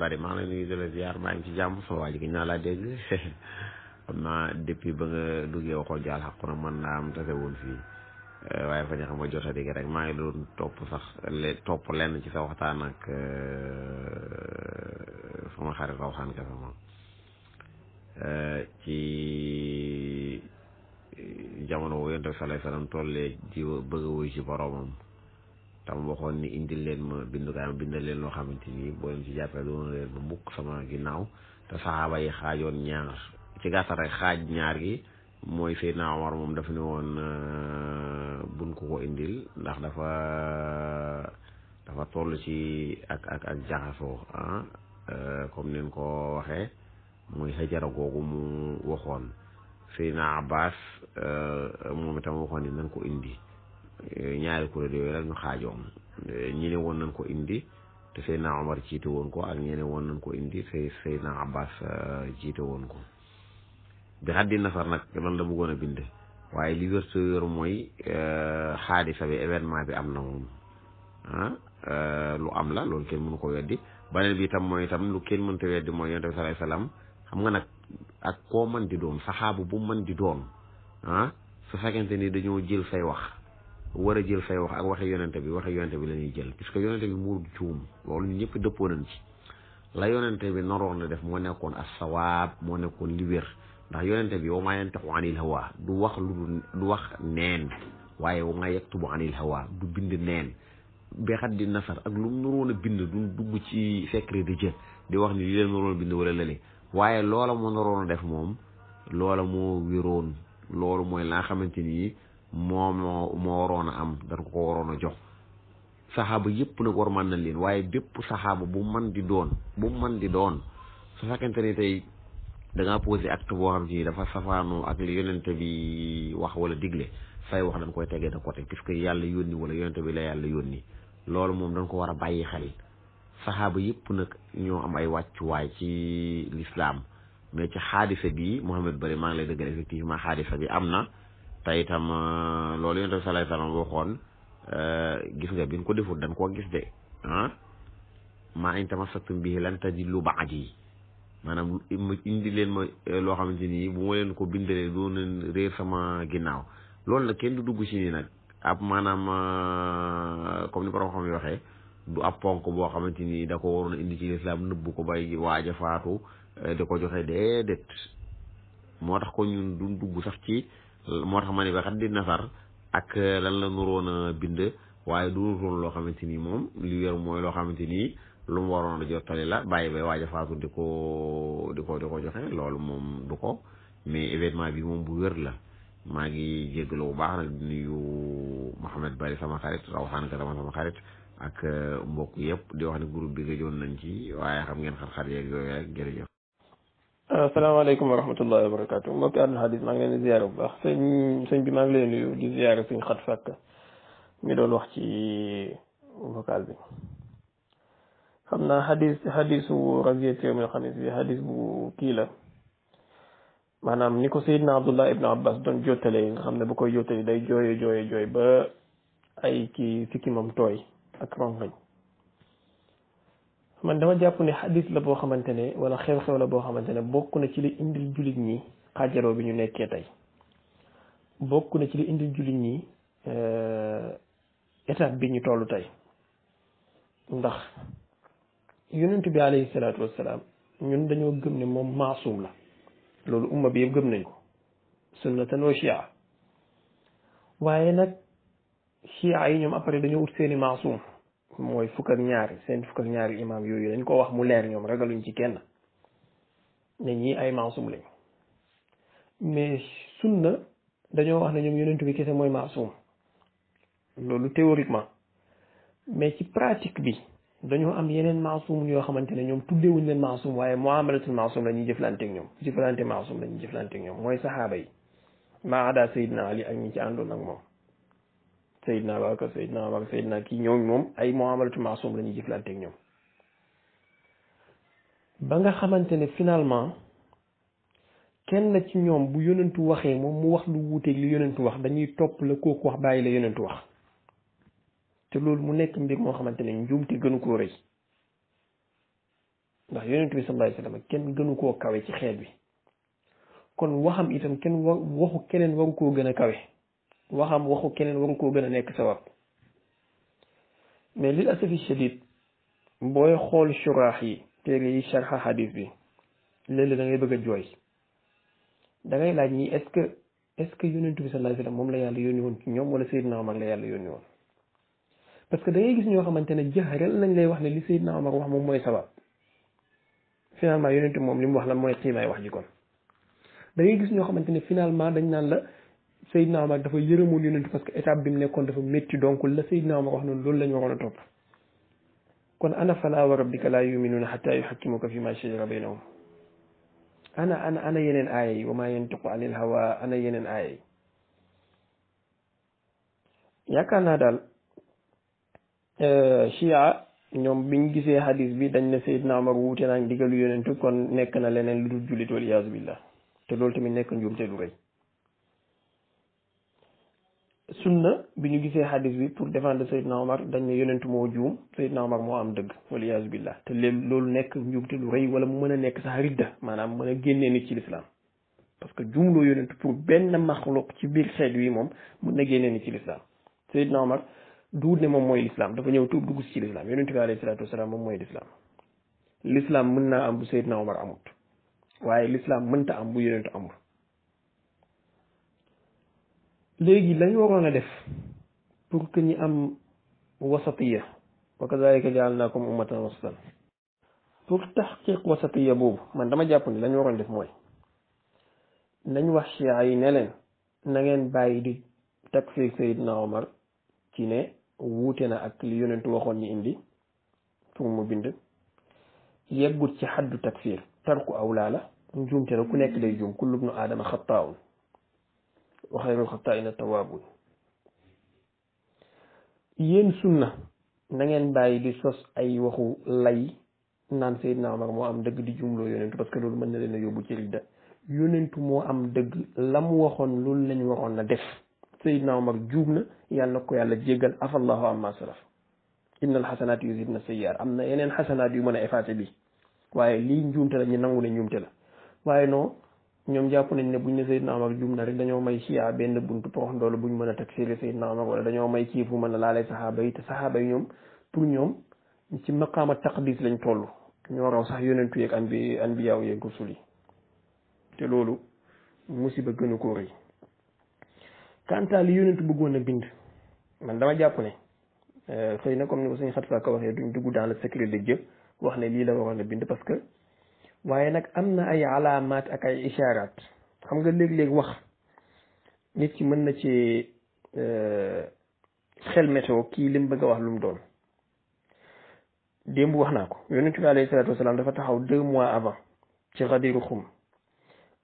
bari maa ngi lay nuyu maa ngi ci jàmm sama waa ji naa laa dégg xam naa ba nga duggee waxoo jaal xaq na mën naa am tase woon fii eh, waaye fa ñu xam nga jota dégg rek maa ngi doon topp sax topp lenn ci sa waxtaan ak eh, sama xarit Rawxaan Kasama eh, ci jamono boobu yonent bi sallallahu alayhi wasallam tollee ji bëgg a wuy ci boroomam tam waxoon ni indil leen ma bindukaay ma bindal leen loo xamante ni boo leen ci jàppee doon leen ma mukk sama ginnaaw te saxaaba yi xaajoon ñaar ci gàttal rek xaaj ñaar gi mooy Seydina Omar moom dafa ne woon euh, buñ ko ko indil ndax dafa dafa toll ci ak ak ak jaxasoo ah euh, neen ko waxee muy xëjara googu mu waxoon Seydina Abbas euh, moom itam waxoon ni nañ ko indi ñaari kuréel yooyu rek ñu xaajoo ñi woon nañ ko indi te Seydina Omar jiite woon ko ak ñi woon nañ ko indi say Seydina Abbas euh, jiite woon ko bi xaddi nasar nag loolu la buggoon a binde waaye li wér yor mooy euh, xaadisa bi événement bi am na moom ah, euh, lu am la loolu kenn mënu ko weddi beneen bi itam mooy itam lu kenn mënta weddi mooy yonent bi salaay salaam nga nag ak koo mën di doon bu mën di doon ah su fekkente ni dañoo jël say wax. war a jël say wax ak waxe yonente bi waxe yonente bi la ñuy jël puisque yonente bi mu juum loolu ñun ñëpp dëppoo nañ ci la yonente bi naroon na def moo nekkoon as-sawaab moo nekkoon li wér ndax yonente bi wa maa yantiqu anil hawa du wax lu du wax neen waaye wa maa yaktubu anil hawa du bind neen bexat di nasar ak lu mu a bind du dugg ci secret de Dieu di wax ni li leen bind wala lële waaye loola moo naroon def moom loola moo wéroon loolu mooy naa nga xamante ni moo moo waroon a am dañ ko ko waroon a jox saxaaba yëpp nag war man na leen waaye bépp saxaaba bu man di doon bu man di doon su fekkente ni tey da ngaa ak acte boo xam dafa safaanoo ak li yonente bi wax wala digle say wax dañ koy tegee de côté puisque yàlla yónni wala yonente bi la yàlla yónni loolu moom dañ ko war a bàyyi xel saxaaba yëpp nag ñoo am ay wàccuwaay ci lislaam mais ci xaadisa bi Mouhamed Bari maa ngi lay dëggal effectivement xaadisa bi am na te itam euh, loolu yonent bi salaay salaam waxoon euh, gis nga biñ ko defut dañ koo gis de ah maa in tamassaktum bihi lan tadillu ba'di maanaam indi leen ma euh, loo xamante ni bu ma leen ko bindalee doo leen réer sama ginnaaw loolu nag kenn du dugg ci nii nag ab maanaam comme ni borom xam yi waxee du ab ponk boo xamante ni da ko waroon indi ci lislaam nëbbu ko bay waaja faatu da ko joxe déedéet moo tax ko ñun duñ dugg sax ci moo tax ma ne ba xat di nasar ak lan la nuroon a bind waaye du nuroon loo xamante ni moom li wér mooy loo xamante ni lu mu waroon a jottali la bàyyi ba waaj a faatu di ko di ko di ko joxe loolu moom du ko mais événement bi moom bu wér la maa ngi loo bu baax nag di nuyu Mouhamed Bari sama xarit Rawxaan ka dama sama xarit ak mbokk yëpp di wax ne groupe bi nga joon nañ ci waaye xam ngeen xar-xar yeeg yooyu rek jërëjëf. asalaamaaleykum wa rahmatullahi wa barakatu mbokki àdduna xadis maa ngi leen ziyaare bu baax sëñ sëñ bi maa ngi leen nuyu di ziyaare sëñ xat fàkk mi doon wax ci vocal bi xam naa xadis xadisu raziyati yawmil xamis bi xadis bu kii la maanaam ni ko sayidna abdullah ibnu abbas doon jottale nga xam ne bu koy jottali day jooye jooye jooy ba ay kii sikki moom tooy ak rongañ man dama jàpp ne xadis la boo xamante ne wala xew-xew la boo xamante ne bokk na ci li indil jullit ñi xaajaloo bi ñu nekkee tey bokk na ci li indi jullit ñi euh, étape bi ñu toll tey ndax yonent bi alayhi salaatu wassalaam ñun dañoo gëm ne moom maasum la loolu umma bi yëpp gëm nañ ko sunnatan wa waaye nag chia yi ñoom après dañoo ut seeni maasum mooy fukk ak ñaari seen fukk ak ñaari imam yooyu dañ koo wax mu leer ñoom ragaluñ ci kenn ne ñii ay maasum lañ mais sunna dañoo wax ne ñoom yonent bi kese mooy maasum loolu théoriquement mais ci pratique bi dañoo am yeneen maasum yoo xamante ne ñoom tuddewuñ leen maasum waaye muamalatul maasum la ñuy jëflanteeg ñoom jëflante maasum la ñuy jëflanteeg ñoom mooy saxaaba yi maa ada sayidna ali ak ñi ci àndoon ak moom Seydina Ababacar Seydina Ababacar Seydina ki ñoom moom ay muamalatu maasum la ñuy jëflanteeg ñoom ba nga xamante ne finalement kenn ci ñoom bu yonentu waxee moom mu wax lu wuuteeg li yonentu wax dañuy topp la kooku wax bàyyi la yonentu wax te loolu mu nekk mbir moo xamante ne njuumte gënu koo rëy ndax yonentu bi sallallahu alayhi wasallam kenn gënu koo kawe ci xeet bi kon waxam itam kenn waxu keneen waru koo gën a kawe waxam waxu keneen war koo gën a nekk sabab mais lil asafi shadid booy xool shuraax yi téere yi sharxa xadis bi léeg-léeg da ngay bëgg a jooy da ngay laaj ñi est-ce que est-ce que bi sallallahu alayhi wasallam moom la yàlla yónni woon ñoom wala Seydina Omar la yàlla yónni woon parce que da gis ñoo xamante ne jaxareel nañ lay wax ne li Seydina Omar wax moom mooy sabab finalement yonent moom li mu wax la mooy xiimaay wax ji kon da gis ñoo xamante ne finalement dañ naan la Seydina Omar dafa yërëmoon yonent parce que étape bi mu nekkoon dafa métti donc la Seydina Omar wax noonu loolu la waroon a topp kon ana falaa wa rabbika laa yuminuuna xataa yuxakkimuka fi ma shajara baynahum ana ana ana yeneen aaya wa maa yeneen yaakaar naa daal chia eh, ñoom biñ gisee hadis bi dañ ne Seydina Omar wuute naa digalu kon nekk na leneen lu dul jullit wal iyaazu billah te loolu tamit nekk njuumte lu rëy sunna bi ñu gisee xadis bi pour défendre Seydina Omar dañ ne yonentu moo juum Seydina Omar moo am dëgg waliyaasu billah te léegi loolu nekk njuumte lu wala mu mën a nekk sax ridda maanaam mën a génnee nit ci lislaam parce que juumloo yonentu pour benn maxluq ci biir xeet wi moom mën na génnee nit ci lislaam Seydina Omar duut ne moom mooy lislaam dafa ñëw tuub dugg ci lislaam yonentu bi alayhi salaatu wasalaam moom mooy lislaam lislaam mën naa am bu Seydina Omar amut waaye lislaam mënta am bu yonentu amul léegi lañ waroon a def pour que ñi am wasatiya wa kadalika jaalnaakum ummatan wasatan pour taxqiq wasatiya boobu man dama jàpp ni lañ waroon def mooy nañ wax chia yi ne leen na ngeen bàyyi di takfir Seydina Omar ci ne wuute na ak li yonentu waxoon ñi indi pour mu bind yeggut ci xaddu takfir aw awlaa la njuumte la ku nekk day juum kullu bnu aadama xataawun wa xayrul xataa'ina tawaabuun yéen sunna na ngeen bàyyi di sos ay waxu lay naan Seydina Omar moo am dëgg di jumloo yonentu parce que loolu mën na leen a yóbbu ci ridda yonentu moo am dëgg la mu waxoon loolu lañu waxoon na def Seydina Omar juub na yàlla na ko yàlla jéggal afallahu amma salaf innal xasanaat yuzhibna sayyi'aat am na yeneen xasanaat yu mën a effacé bi waaye lii njuumte la ñu nangu ne njuumte la waaye non ñoom jàpp nañ ne buñ ne Seydina Omar juum na rek dañoo may chia benn buntu porox ndoolu buñ mën a taksiire Seydina Omar wala dañoo may ci fu mën a laale saxaaba yi te saxaaba yi ñoom pour ñoom ci maqaama taqdis lañ toll ñoo raw sax yonentu yeeg an bi an bi yaaw yeeg rusul yi te loolu musiba gën a koo rëy kanta li yonentu bëggoon a bind man dama jàpp ne euh, xëy na comme ni ko suñu xat saaka waxee duñ dugg dans le secret de wax ne lii la waroon bind parce que waaye nag am na ay alaamaat ak ay ishaaraat xam nga léeg-léeg wax nit ki mën na ci euh, xel météo kii leen bëgg wax lu mu doon démb wax naa ko yonent bi alayhi salaatu wasalaam dafa taxaw deux mois avant ci xadiru xum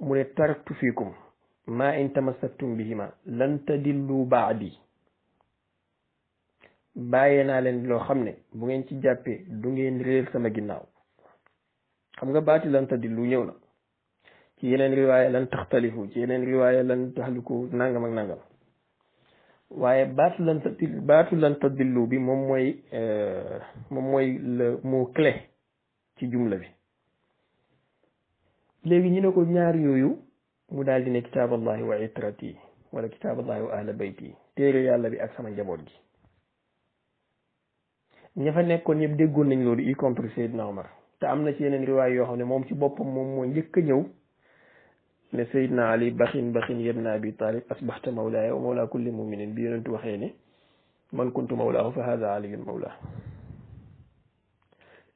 mu ne taraktu fiikum maa in tamassaktum bihima lan tadillu baadi bàyyee naa leen loo xam ne bu ngeen ci jàppee du ngeen réer sama ginnaaw xam nga baati lan tadillu ñëw na ci yeneen riwaaya lan taxtalifu ci yeneen riwaaya lan taxliku nangam ak nangam waaye baatu lan tadillu baatu bi moom mooy euh, moom mooy le mot ci jumla bi léegi ñu ne ko ñaar yooyu mu daal di ne kitaaballahi wa itrati wala kitaaballahi wa ahla bayti téere yàlla bi ak sama njaboot gi ña fa nekkoon yëpp déggoon nañ loolu y compris Seydina Omar am na ci yeneen riwaay yoo xam ne moom ci boppam moom moo njëkk a ñëw ne Seydina Ali baxin baxin yabna abi talib asbaxta mawlaaya wa mawla kulli muminin bi yonentu waxee ne man kuntu mawlaahu fa hada aliyun mawlaa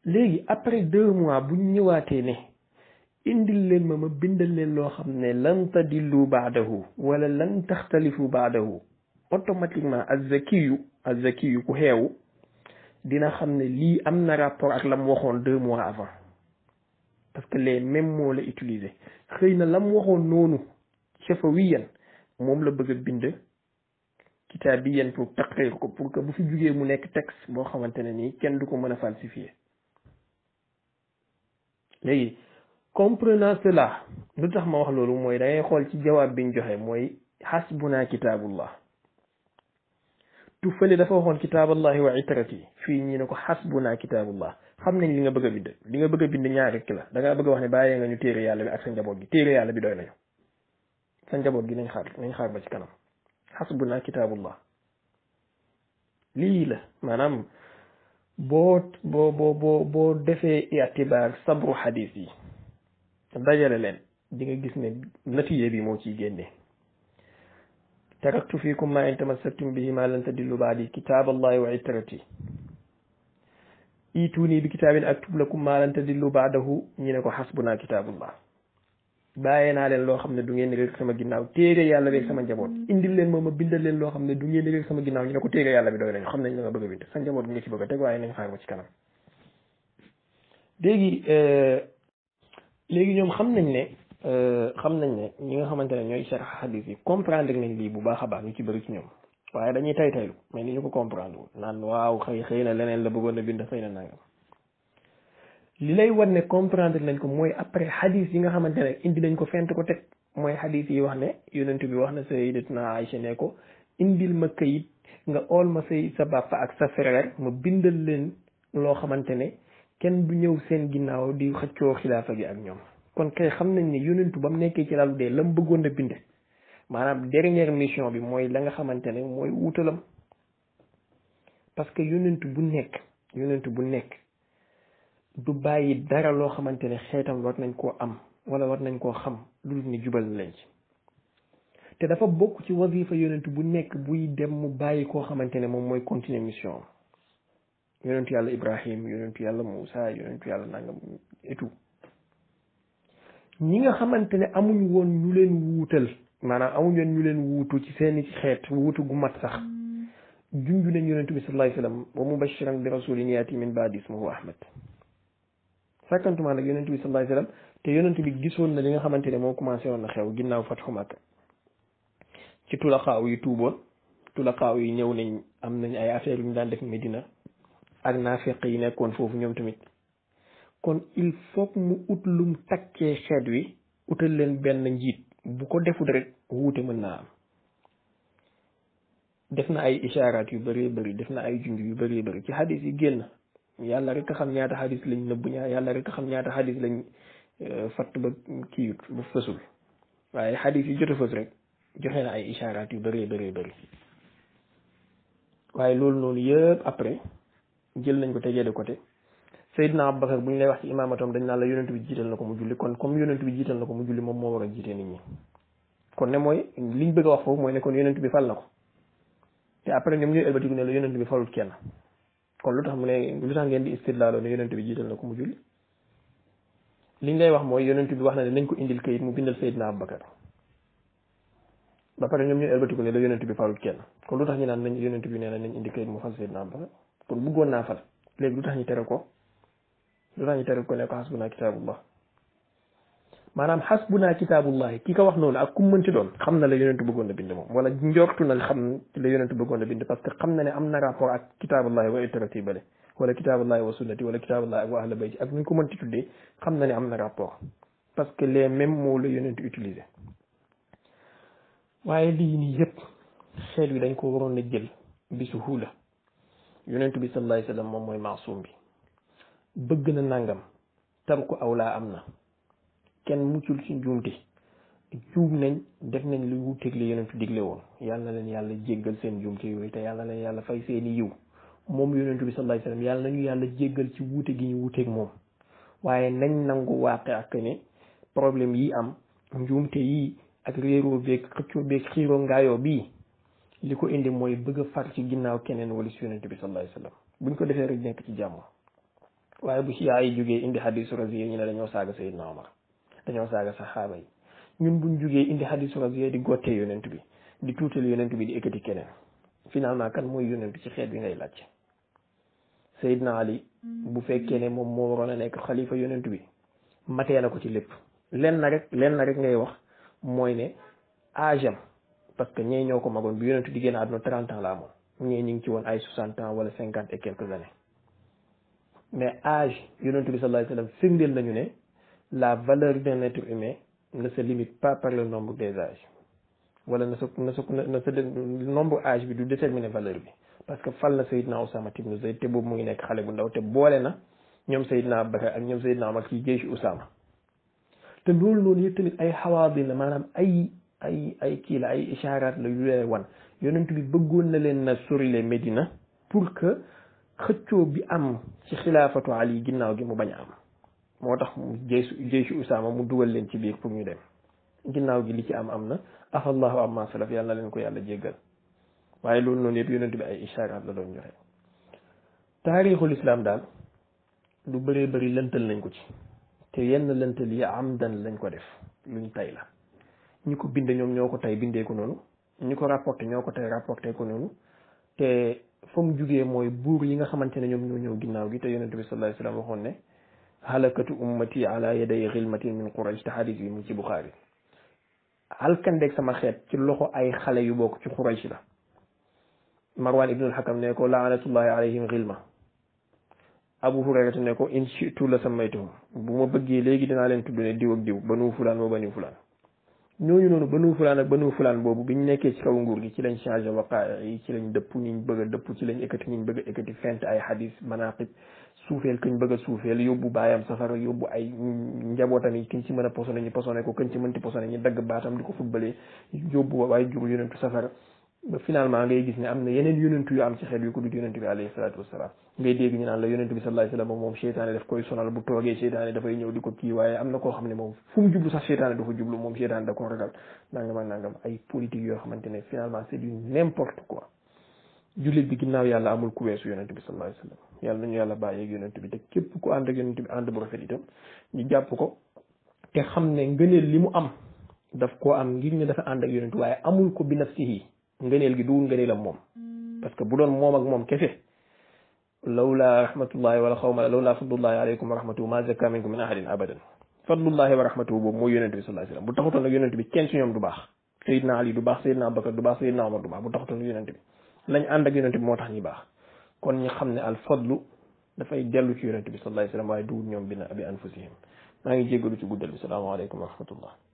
léegi après deux mois bu ñëwaatee ne indil leen ma ma bindal leen loo xam ne lan tadillu baadahu wala lan taxtalifu baadahu automatiquement azzakiyu azzakiyu ku xeewu dina xam ne lii am na rapport ak la mu waxoon deux mois avant parce que les mêmes mots la utiliser xëy na la mu waxoon noonu wii chafawiyan moom la bëgg a bind kitaabiyan pour taqrir ko pour que bu fi jugee mu nekk texte boo xamante ne nii kenn du ko mën a falsifier léegi comprenant cela lu tax ma wax loolu mooy da xool ci jawaab bi ñu joxee mooy xasbuna kitaabullah tu fële dafa waxoon kitaaballahi wa itrati fii ñii ne ko xasbuna kitaabullah xam nañ li nga bëgg a bind li nga bëgg a bind ñaar rek la da ngaa bëgg a wax ne bàyyee nga ñu téere yàlla bi ak sa njaboot gi téere yàlla bi doy nañu sa njaboot gi nañ xaar nañ xaar ba ci kanam xasbuna kitaabullah lii la maanaam boo boo boo boo boo defee itibaar sabru xadis yi dajale leen di nga gis ne natiye bi moo ciy génnee taraktu fiikum ma in tamassaktum bihi ma lan tadillu baadi kitaab allahi wa itrati iituuni bi kitaabin aktub lakum ma lan tadillu baadahu ñi ne ko xasbuna kitaabullah bàyyee naa leen loo xam ne du ngeen réer sama ginnaaw téere yàlla beeg sama njaboot indil leen moom ma bindal leen loo xam ne du ngeen réer sama ginnaaw ñu ko téere yàlla bi doy nañu xam nañ la nga bëgg a bind sa njaboot nga ci bëgg a teg waaye nañ xaar ba ci kanam léegi léegi ñoom xam nañ ne xam nañ ne ñi nga xamante ne ñooy sharh hadis yi comprendre nañ lii bu baax a baax ñu ci bëri ci ñoom waaye dañuy tay taylu mais ni ñu ko comprendre wul naan waaw xëy xëy na leneen la bëggoon bind xëy na nangam li lay wan ne comprendre nañ ko mooy après hadis yi nga xamante ne indi nañ ko fent ko teg mooy hadis yi wax ne yonent bi wax na sayyidatuna Aïcha ne ko indil ma kayit nga ool ma say sa bàppa ak sa frère ma bindal leen loo xamante ne kenn du ñëw seen ginnaaw di xëccoo xilaafa gi ak ñoom kon kay xam nañ ne yonentu ba mu nekkee ci lalu de la mu bëggoon a bind maanaam dernière mission bi mooy la nga xamante ne mooy wutalam parce que yonentu bu nekk yonentu bu nekk du bàyyi dara loo xamante ne xeetam war nañ koo am wala war nañ koo xam lu dul ne jubal na leen ci te dafa bokk ci wazifa yonentu bu nekk buy dem mu bàyyi koo xamante ne moom mooy continuer mission am yonentu yàlla Ibrahim yonentu yàlla Moussa yonentu yàlla nangam et ñi nga xamante ne amuñu woon ñu leen wuutal maanaam amuñu woon ñu leen wuutu ci seeni xeet wuutu gu mat sax mm. junj nañ yonent bi sallallahu alayhi wa sallam wa mubashiran bi rasulin yaati min baadi ismuhu ahmad sàkkantumaa nag yonent bi sallallahu alayhi wa sallam te yonent bi gisoon na li nga xamante ne moo commencé woon na xew ginnaaw fatxu Makka ci tulaqaaw yi tuuboon tulaqaaw yi ñëw nañ am nañ ay affaire yu ñu daan def Medina ak naafiq yi nekkoon foofu ñoom tamit kon il faut mu ut lum takkee xeet wi utal leen benn njiit bu ko defut rek wuute mën naa am def na ay isaaraat yu bëree bëri def na ay junj yu bëree bëri ci hadis yi génn yàlla rek a xam ñaata hadis lañ nëbbu ñaa yàlla rek a xam ñaata hadis lañ euh, fatt ba kiiyut ba fësul waaye hadis yi jot fës rek joxe na ay isaaraat yu bëree bëree bëri waaye loolu noonu yëpp après jël nañ ko tegee de côté Seydina Abubakar bu ñu lay wax ci imaamatam dañ naan la yonent bi jiital na ko mu julli kon comme yonent bi jiital na ko mu julli moom moo war a jiite nit ñi kon ne mooy liñ bëgg wax foofu mooy ne kon bi fal na ko te ñoom ñooy ëlbatiku ne la yonent bi falul kenn kon lu tax mu ne lu tax ngeen di istidlaaloo ne yonent bi jiital na ko mu julli liñ lay wax mooy yonent bi wax na ne nañ ko indil kayit mu bindal Seydina Abubakar ba pare ñoom ñooy ëlbatiku ne la yonent bi falul kenn kon lu tax ñu naan nañ yonent bi ne na nañ indi kayit mu fal Seydina Abubakar kon bëggoon naa fal léegi lu tax ñi tere ko lu tax ñu tere ko ne ko xasbuna kitaabullah maanaam xasbuna kitaabullahi ki ko wax noonu ak ku mu mënti doon xam na la yonentu bëggoon a bind moom wala njortu na xam a bind parce que xam na ne am na rapport ak kitaabullahi wa itrati bale wala kitaabullahi wa sunnati wala kitaabullahi ak wa ahla ak nu ñu tuddee xam na ne am na rapport parce que les mêmes mots la yonentu utilisé waaye lii nii yëpp xel wi dañ ko waroon a jël bi suhula yonentu bi sallallahu alayhi wa sallam moom mooy maasum bi bëgg na nangam tarku aw laa am na kenn muccul ci njuumte juum nañ def nañ lu wuteeg li yonentu digle woon yàlla na leen yàlla jéggal seen njuumte yooyu te yàlla lañ yàlla fay seeni yiw moom yonentu bi sallallahu alayhi yàlla nañu jéggal ci wuute gi ñu wuuteeg moom waaye nañ nangu waaqe ak ne problème yi am njuumte yi ak réeroo beeg xëccoo beeg xiiroo ngaayoo bi li ko indi mooy bëgg far ci ginnaaw keneen wala si yonentu bi sallallahu alayhi wasallam ko defee rek nekk ci jàmm waaye bu ci ay jógee indi hadisu raziya ñu ne dañoo saaga Seydina Omar dañoo saaga saxaaba yi ñun buñ jógee indi hadisu raziya di gottee yonent bi di tuutal yonent bi di ekkati keneen finalement kan mooy yonent ci xeet bi ngay laaj Seydina Ali bu fekkee ne moom moo waroon nekk xalifa yonent bi matee na ko ci lépp lenn na rek lenna rek ngay wax mooy ne agem parce que ñee ñoo ko magoon bi yonent di génn àdduna 30 ans la amoon ñee ñu ci woon ay 60 ans wala 50 et quelques mais âge yonent bi sallallahu alayhi wa sallam firndeel nañu ne la valeur d'un être humain ne se limite pas par le nombre des âges wala na sa na sa na sa nombre âge bi du déterminer valeur bi parce que fal na Seydina Ousama ibn Zayd te boobu mu ngi nekk xale bu ndaw te boole na ñoom Seydina Abubakar ak ñoom Seydina Omar ci jeexu Ousama te loolu noonu yëpp tamit ay xawaadi la maanaam ay ay ay kii la ay ishaaraat la yu lay wan yonent bi bëggoon na leen na sori le Médina pour que xëccoo bi am ci xilaafatu ali ginnaaw gi mu bañ a am moo tax mu jeysu jeysu usaama mu dugal leen ci biir pour ñu dem ginnaaw gi li ci am am na afallahu amma salaf yàlla na leen ko yàlla jéggal waaye loolu noonu yëpp yonent bi ay isharaat la doon joxe taarixul lu bëree bëri lëntal nañ ko ci te yenn lëntal yi amdan lañ ko def luñ tay la ñu ko bindee ñoom ñoo ko tay bindee ko noonu ñi ko rapporté ñoo ko tay rapporté ko noonu te fa mu jugee mooy buur yi nga xamante ne ñoom ñoo ñëw ginnaaw gi te yonente bi sallallahu alayhi wasallam waxoon ne halakatu ummati ala yaday xilmatin min quraish te xadis bi mu ci buxaari alkandeeg sama xeet ci loxo ay xale yu bokk ci quraish la marwan ibnul hakam ne ko laanatullahi alayhim xilma abu hurayrata ne ko in shitu la samaytuhum bu ma bëggee léegi dinaa leen tudd ne diw ak diw banu fulaan wa bani fulaan ñooñu noonu banu fulaan ak banu fulaan boobu bi ñu nekkee ci kaw nguur gi ci lañ changé waqaa yi ci lañ dëpp ñiñ bëgg a dëpp ci lañ ekkati ñiñ bëgg a ekkati fent ay xadis manaqib suufeel këñ bëgg a suufeel yóbbu baayam safara yóbbu ay njabootam yi këñ ci mën a posone ñu posone ko këñ ci mënti posone ñu dagg baatam di ko futbalee yóbbu waaye jur yonentu safara ba ngay gis ne am na yeneen yonentu yu am ci xel yu ko dut yonentu bi alayhi salaatu ngay dégg ñu naan la yonent bi sallallahu alayhi wa sallam moom seytaane daf koy sonal bu ko waaye am ne moom fu mu jublu sax seytaane dafa jublu moom seytaane da ko ragal nangam ak nangam ay politique yoo xamante ne finalement du n'importe quoi yàlla amul ku weesu yonent bi sallallahu alayhi wa sallam yàlla nañu yàlla ñu jàpp ko te xam ne ngëneel li mu am daf koo am ngir ñu dafa ànd ak yonent waaye amul ko bi nafsihi ngëneel gi duwul ngëneelam moom hmm. parce que bu doon moom ak moom kese lawla rahmatullahi wala xaw ma lawla fadlullahi aleykum wa rahmatuhu ma zakka minkum min ahadin abadan fadlullahi wa rahmatuhu boobu mooy yonent bi sallallahu alayhi wasallam bu taxutoon nag yonent bi kenn ci ñoom du baax Seydina Ali du baax Seydina Abubakar du baax Seydina Omar du baax bu taxutoon yonent bi lañ ànd ak yonent bi moo tax ñi baax kon ñu xam ne al fadlu dafay dellu ci yonent bi sallallahu alayhi wasallam waaye duwul ñoom bi na bi anfusihim maa ngi jéggalu ci guddal bi salaamaaleykum wa rahmatullah